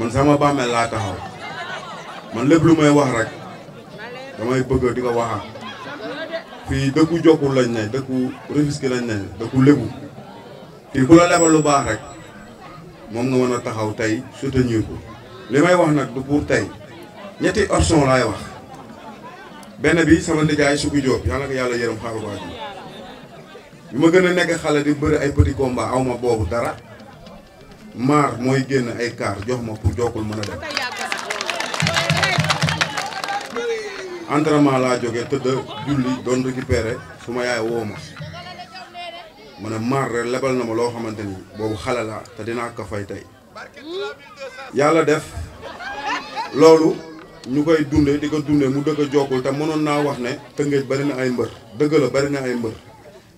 man sama bàmmeel laa taxaw man lépp lu may wax rek damay bëgg di ko waxaat fii dëkku jokkul lañ ne dëkku Rufisque lañ ne dëkku lébu fii ku la lebal lu baax rek moom nga mën a taxaw tey soutenir ko li may wax nag du pour tey ñetti option laay wax benn bi sama nijaay Sugu Diop yàlla ko yàlla yërëm xaaral bi ma gën a nekk xale di bëri ay petit combat aw boobu dara. maar mooy génn ay kaar jox ma pour jokkul mën a dem entraînement laa jógee tëdd julli doon récupéré su ma yaay woo ma ma ne maar rek lebal na ma loo xamante ni boobu xale laa te dinaa ko fay tey yàlla def loolu ñu koy dunde di ko dunde mu dëkk a jokkul te mënoon naa wax ne Tëngéej bari na ay mbër dëgg la bari na ay mbër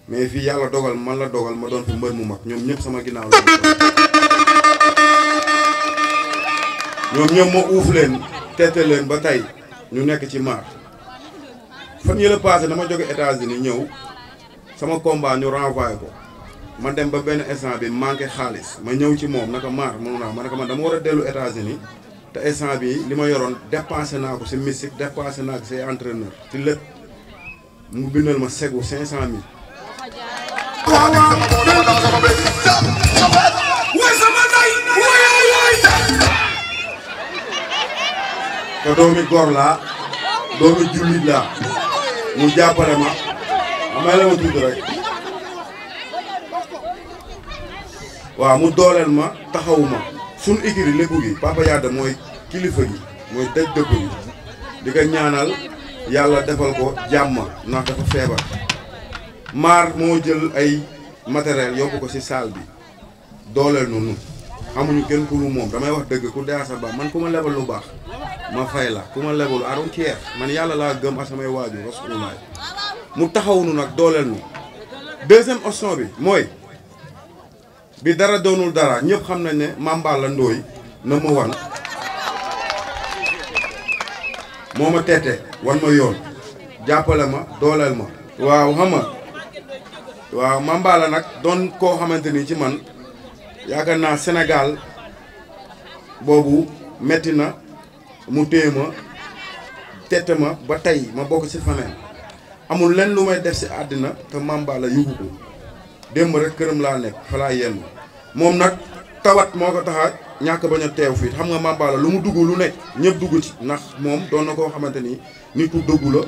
mais fii yàlla dogal man la dogal ma doon fi mbër mu mag ñoom ñëpp sama ginnaaw la ñoom ñoom ma uuf leen tete leen ba tey ñu nekk ci maar fan yële passé dama jóge États-Unis ñëw sama combat ñu renvoyé ko ma dem ba benn instant bi manqué xaalis ma ñëw ci moom naka maar mënu naa ma naka ma dama war a dellu États-Unis te instant bi li ma yoroon dépensé naa ko si mystique dépensé naa ko si entraîneur ci lépp mu bindal ma segu cinq cent mille te doomi góor laa doomi jullit laa mu jàppale ma amay la ma tudd rek waaw mu dooleel ma taxawu ma suñ ikiri lépp gi papa mooy kilifa gi mooy daj dëkk gi di ñaanal yàlla defal ko jàmm ndax dafa feebar maar moo jël ay matériel yóbbu ko ci salle bi dooleel noonu amuñu kenn ku moom damay wax dëgg ku dee sa man ku ma lebal lu baax ma fay la ku ma lebal aron ceer man yàlla laa gëm ak samay waajur rasulullah mu taxawunu nag dooleel nu deuxième option bi mooy bi dara doonul dara ñëpp xam nañ ne mamba la ndooy na ma wan moo ma teete wan ma yoon jàppale ma dooleel ma waaw xam nga waaw mamba la nag doon koo xamante ni ci man yaakaar naa senegaal boobu metti na mu téye ma tette ma ba tey ma bokk ci faneen amul lenn lu may def ci àddina te Mamba la démb rek këram laa nekk fa laa yenn moom nag tawat moo ko taxa ñàkk bañ a teew fii xam nga Mamba lu mu dugg lu nekk ñëpp dugg ci ndax moom doon na koo xamante ni nit ku dëggu la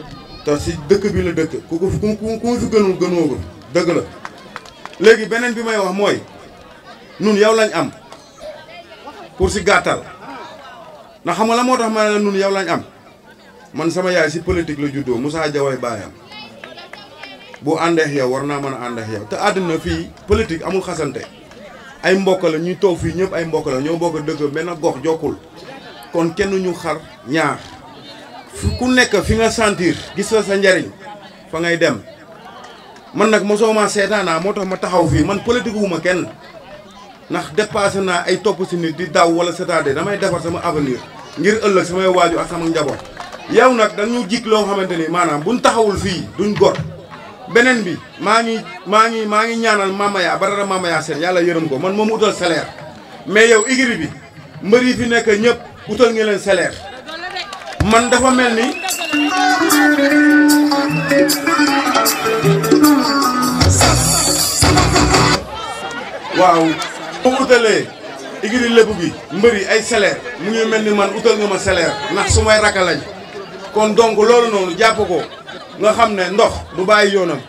te ci dëkk bi la dëkk ku ko ku ku fi gënul gënoo ko dëgg la léegi beneen bi may wax mooy nun yow lañ am pour si gatal na xam nga la ma nun yow lañ am man sama yaay si politique la juddo Moussa Diaway bayam bu àndeex yow warna naa mën a yow te aduna fi politique amul xassante ay mbokk la ñuy toog fii ñëpp ay mbokk la ñoo bokk deug ben gox jokul kon kenn ñu xar ñaar ku nekk fi nga sentir gis la sa ndariñ fa ngay dem man nak mosoo ma ah, taxaw fi man politique wu ma kenn ndax dépassé naa ay topp si nit di daw wala c'est-à-dire damay defar sama avenir ngir ëllëg samay waaju ak sama njaboot yow nag dañu jik loo xamante ni maanaam buñ taxawul fii duñ gor beneen bi maa ngi maa ngi maa ngi ñaanal mamaya Badara mamaya seen yàlla yërëm ko man moom utal salaire mais yow igri bi mbër yi fi nekk ñëpp utal nga leen salaire man dafa mel ni waaw bu utalee igiri lébu gi mbëri ay salaire mu ngi mel ni man utal nga ma salaire ndax su may raka lañ kon donc loolu noonu jàpp ko nga xam ne ndox bu bàyyi yoonam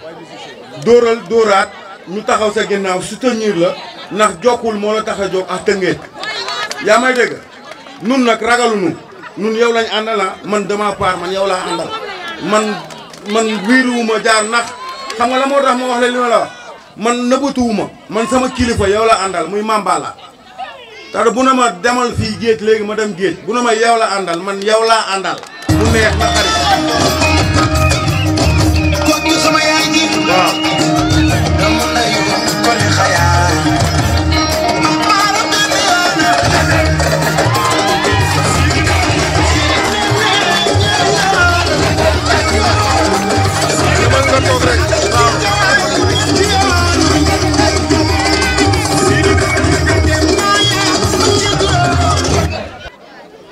dóoral dóoraat ñu taxaw sa ginnaaw soutenir la ndax jokkul moo la tax a jóg ak tëngéej yaa may dégg nun nag ragalunu nun yow lañ àndala ah, man dama paar man yow laa àndal man man wiiruwuma jaar nax xam nga la moo tax ma wax la li ma la man nëbbatuwuma man sama kilifa yow la àndal muy Mambala te bu na ma demal fii géej léegi ma dem géej bu na ma yow la àndal man yow laa àndal mu neex na xarit. kooku sama yaay ji. waaw.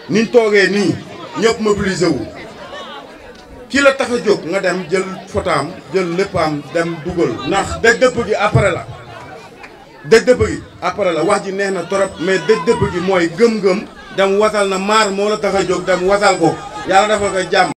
niñ toogee nii ñëpp mobilisé wu kii la tax a jóg nga dem jël fotaam jël lépp léppaam dem dugal ndax dëj dëpp gi après la dëj dëpp gi après la wax ji neex na torop mais dëj dëpp gi mooy gëm-gëm dem wasal na maar moo la tax a jóg dem wasal ko yàlla dafa ko jàmm